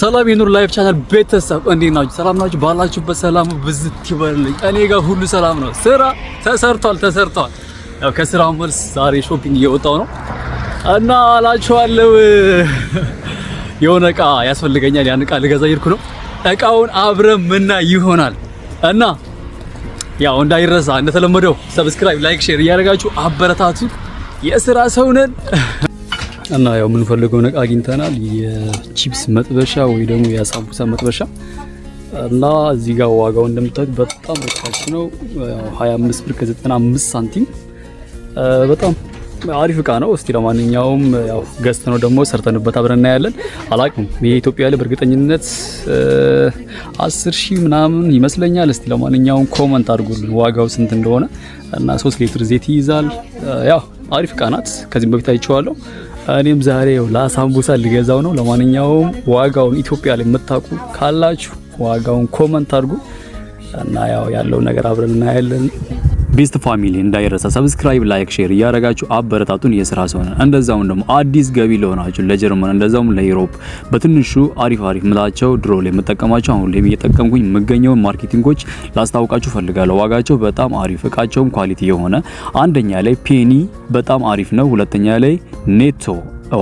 ሰላም የኑር ላይፍ ቻናል ቤተሰብ እንዴት ናችሁ? ሰላም ናችሁ? ባላችሁበት ሰላም ብዝት ይበልልኝ። እኔ ጋር ሁሉ ሰላም ነው። ስራ ተሰርቷል ተሰርቷል። ያው ከስራ መልስ ዛሬ ሾፒንግ እየወጣው ነው እና አላችኋለሁ የሆነ እቃ ያስፈልገኛል። ያን እቃ ልገዛ እየሄድኩ ነው። እቃውን አብረን ምና ይሆናል እና ያው እንዳይረሳ እንደተለመደው ሰብስክራይብ፣ ላይክ፣ ሼር እያደረጋችሁ አበረታቱ። የስራ ሰው ነን። እና ያው የምንፈልገው እቃ አግኝተናል። የቺፕስ መጥበሻ ወይ ደግሞ የሳምቡሳ መጥበሻ እና እዚህ ጋር ዋጋው እንደምታዩት በጣም ርካሽ ነው። 25 ብር ከ95 ሳንቲም በጣም አሪፍ እቃ ነው። እስቲ ለማንኛውም ያው ገዝተ ነው ደግሞ ሰርተንበት አብረን እናያለን። አላቅም ይሄ ኢትዮጵያ ላይ በእርግጠኝነት 10 ሺህ ምናምን ይመስለኛል። እስቲ ለማንኛውም ኮመንት አድርጉልን ዋጋው ስንት እንደሆነ እና 3 ሊትር ዘይት ይይዛል። ያው አሪፍ እቃ ናት። ከዚህም በፊት አይቼዋለሁ። እኔም ዛሬ ለአሳምቡሳ ሊገዛው ነው። ለማንኛውም ዋጋውን ኢትዮጵያ ላይ የምታውቁ ካላችሁ ዋጋውን ኮመንት አድርጉ እና ያው ያለውን ነገር አብረን እናያለን። ቤስት ፋሚሊ እንዳይረሳ ሰብስክራይብ፣ ላይክ፣ ሼር እያረጋችሁ አበረታቱን። የስራ ሰሆነ እንደዛውም ደግሞ አዲስ ገቢ ለሆናችሁ ለጀርመን እንደዛውም ለዩሮፕ በትንሹ አሪፍ አሪፍ ምላቸው ድሮ ላይ የምጠቀማቸው አሁን ላይ እየጠቀምኩኝ የምገኘውን ማርኬቲንጎች ላስታውቃችሁ ፈልጋለሁ። ዋጋቸው በጣም አሪፍ እቃቸውም ኳሊቲ የሆነ አንደኛ ላይ ፔኒ በጣም አሪፍ ነው። ሁለተኛ ላይ ኔቶ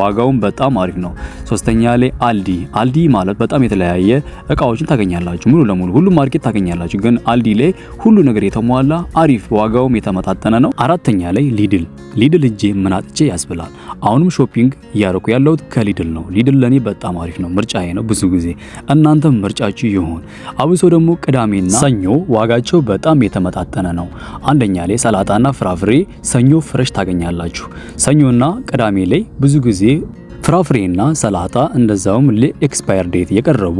ዋጋውም በጣም አሪፍ ነው። ሶስተኛ ላይ አልዲ አልዲ ማለት በጣም የተለያየ እቃዎችን ታገኛላችሁ። ሙሉ ለሙሉ ሁሉም ማርኬት ታገኛላችሁ፣ ግን አልዲ ላይ ሁሉ ነገር የተሟላ አሪፍ፣ ዋጋውም የተመጣጠነ ነው። አራተኛ ላይ ሊድል ሊድል እጄ ምን አጥቼ ያስብላል። አሁንም ሾፒንግ እያረኩ ያለሁት ከሊድል ነው። ሊድል ለኔ በጣም አሪፍ ነው፣ ምርጫዬ ነው። ብዙ ጊዜ እናንተም ምርጫችሁ ይሆን። አብሶ ደግሞ ቅዳሜና ሰኞ ዋጋቸው በጣም የተመጣጠነ ነው። አንደኛ ላይ ሰላጣና ፍራፍሬ ሰኞ ፍረሽ ታገኛላችሁ። ሰኞና ቅዳሜ ላይ ብዙ ጊዜ ጊዜ ፍራፍሬና ሰላጣ እንደዛውም ለኤክስፓየር ዴት የቀረቡ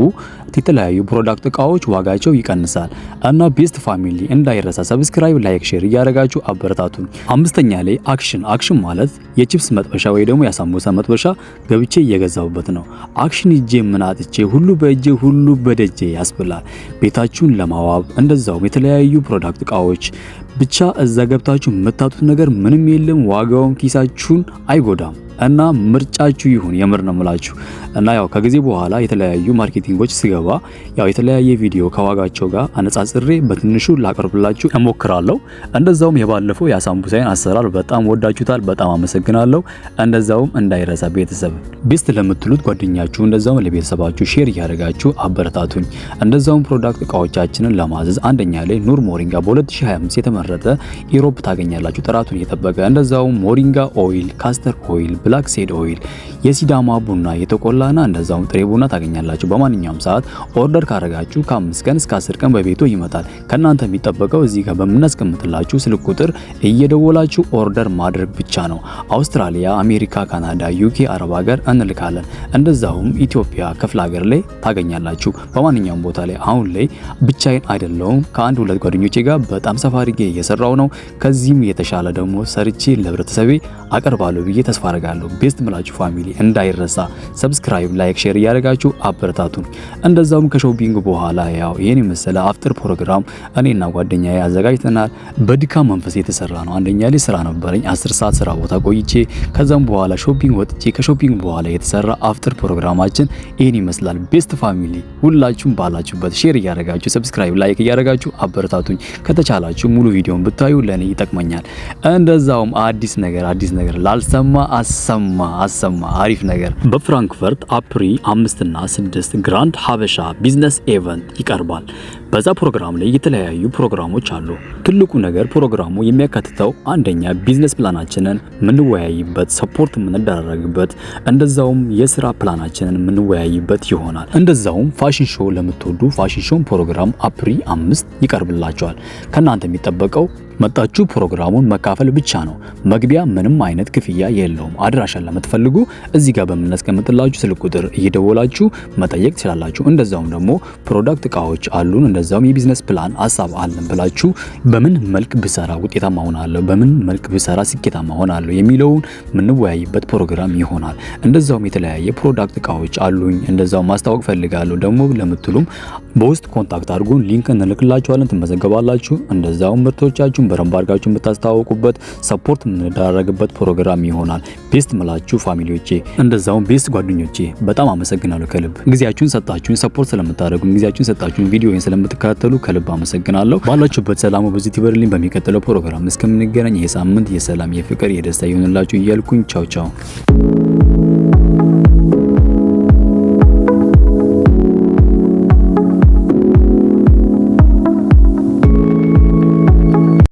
የተለያዩ ፕሮዳክት እቃዎች ዋጋቸው ይቀንሳል እና ቤስት ፋሚሊ እንዳይረሳ ሰብስክራይብ፣ ላይክ፣ ሼር እያደረጋችሁ አበረታቱን። አምስተኛ ላይ አክሽን። አክሽን ማለት የቺፕስ መጥበሻ ወይ ደግሞ የሳምቡሳ መጥበሻ ገብቼ እየገዛሁበት ነው። አክሽን እጄ ምን አጥቼ ሁሉ በእጄ ሁሉ በደጄ ያስብላል። ቤታችሁን ለማዋብ እንደዛውም የተለያዩ ፕሮዳክት እቃዎች ብቻ እዛ ገብታችሁ የምታጡት ነገር ምንም የለም። ዋጋውም ኪሳችሁን አይጎዳም። እና ምርጫችሁ ይሁን። የምር ነው የምላችሁ። እና ያው ከጊዜ በኋላ የተለያዩ ማርኬቲንጎች ስገባ ያው የተለያየ ቪዲዮ ከዋጋቸው ጋር አነጻጽሬ በትንሹ ላቀርብላችሁ እሞክራለሁ። እንደዛውም የባለፈው የአሳምቡሳይን አሰራር በጣም ወዳችሁታል። በጣም አመሰግናለሁ። እንደዛውም እንዳይረሳ ቤተሰብ ቢስት ለምትሉት ጓደኛችሁ፣ እንደዛውም ለቤተሰባችሁ ሼር እያደረጋችሁ አበረታቱኝ። እንደዛውም ፕሮዳክት እቃዎቻችንን ለማዘዝ አንደኛ ላይ ኑር ሞሪንጋ በ2025 የተመረጠ ኢሮፕ ታገኛላችሁ ጥራቱን የጠበቀ እንደዛውም ሞሪንጋ ኦይል፣ ካስተር ኦይል ብላክ ሴድ ኦይል፣ የሲዳማ ቡና፣ የተቆላና እንደዛውም ጥሬ ቡና ታገኛላችሁ። በማንኛውም ሰዓት ኦርደር ካረጋችሁ ከአምስት ቀን እስከ አስር ቀን በቤቶ ይመጣል። ከእናንተ የሚጠበቀው እዚህ ጋር በምናስቀምጥላችሁ ስልክ ቁጥር እየደወላችሁ ኦርደር ማድረግ ብቻ ነው። አውስትራሊያ፣ አሜሪካ፣ ካናዳ፣ ዩኬ፣ አረብ ሀገር እንልካለን። እንደዛውም ኢትዮጵያ ክፍለ ሀገር ላይ ታገኛላችሁ። በማንኛውም ቦታ ላይ አሁን ላይ ብቻዬን አይደለውም። ከአንድ ሁለት ጓደኞቼ ጋር በጣም ሰፋ አድርጌ እየሰራው ነው። ከዚህም የተሻለ ደግሞ ሰርቼ ለህብረተሰቤ አቀርባለሁ ብዬ ተስፋ አረጋለሁ። ያለው ቤስት ምላችሁ ፋሚሊ እንዳይረሳ ሰብስክራይብ፣ ላይክ፣ ሼር እያደረጋችሁ አበረታቱን። እንደዛውም ከሾፒንግ በኋላ ያው ይህን የመሰለ አፍጥር ፕሮግራም እኔና ጓደኛ አዘጋጅተናል። በድካም መንፈስ የተሰራ ነው። አንደኛ ላይ ስራ ነበረኝ፣ አስር ሰዓት ስራ ቦታ ቆይቼ ከዛም በኋላ ሾፒንግ ወጥቼ ከሾፒንግ በኋላ የተሰራ አፍጥር ፕሮግራማችን ይህን ይመስላል። ቤስት ፋሚሊ ሁላችሁም ባላችሁበት ሼር እያደረጋችሁ ሰብስክራይብ፣ ላይክ እያደረጋችሁ አበረታቱኝ። ከተቻላችሁ ሙሉ ቪዲዮን ብታዩ ለእኔ ይጠቅመኛል። እንደዛውም አዲስ ነገር አዲስ ነገር ላልሰማ አሰማ አሰማ አሪፍ ነገር። በፍራንክፈርት አፕሪ አምስትና ስድስት ግራንድ ሀበሻ ቢዝነስ ኤቨንት ይቀርባል። በዛ ፕሮግራም ላይ የተለያዩ ፕሮግራሞች አሉ። ትልቁ ነገር ፕሮግራሙ የሚያካትተው አንደኛ ቢዝነስ ፕላናችንን የምንወያይበት፣ ሰፖርት የምንደራረግበት፣ እንደዛውም የስራ ፕላናችንን የምንወያይበት ይሆናል። እንደዛውም ፋሽን ሾው ለምትወዱ ፋሽን ሾው ፕሮግራም አፕሪ አምስት ይቀርብላቸዋል። ከእናንተ የሚጠበቀው መጣችሁ ፕሮግራሙን መካፈል ብቻ ነው። መግቢያ ምንም አይነት ክፍያ የለውም። አድራሻን ለምትፈልጉ እዚህ ጋር በምናስቀምጥላችሁ ስልክ ቁጥር እየደወላችሁ መጠየቅ ትችላላችሁ። እንደዛውም ደግሞ ፕሮዳክት እቃዎች አሉን ለዛውም የቢዝነስ ፕላን ሀሳብ አለን ብላችሁ በምን መልክ ብሰራ ውጤታማ ሆናለሁ፣ በምን መልክ ብሰራ ስኬታማ ሆናለሁ የሚለውን የምንወያይበት ፕሮግራም ይሆናል። እንደዛውም የተለያየ ፕሮዳክት እቃዎች አሉኝ፣ እንደዛው ማስታወቅ ፈልጋለሁ ደግሞ ለምትሉም በውስጥ ኮንታክት አድርጉን፣ ሊንክ እንልክላችኋለን፣ ትመዘገባላችሁ። እንደዛውም ምርቶቻችሁን በደንብ አድርጋችሁ የምታስተዋውቁበት ሰፖርት የምንደራረግበት ፕሮግራም ይሆናል። ቤስት ምላችሁ ፋሚሊዎቼ፣ እንደዛውም ቤስት ጓደኞቼ በጣም አመሰግናለሁ ከልብ ጊዜያችሁን ሰጣችሁን፣ ሰፖርት ስለምታደርጉን፣ ጊዜያችሁን ሰጣችሁን፣ ቪዲዮን ስለምትከታተሉ ከልብ አመሰግናለሁ። ባላችሁበት ሰላሙ በዚህ ይበርልኝ። በሚቀጥለው ፕሮግራም እስከምንገናኝ የሳምንት የሰላም የፍቅር የደስታ ይሆንላችሁ እያልኩኝ ቻው ቻው።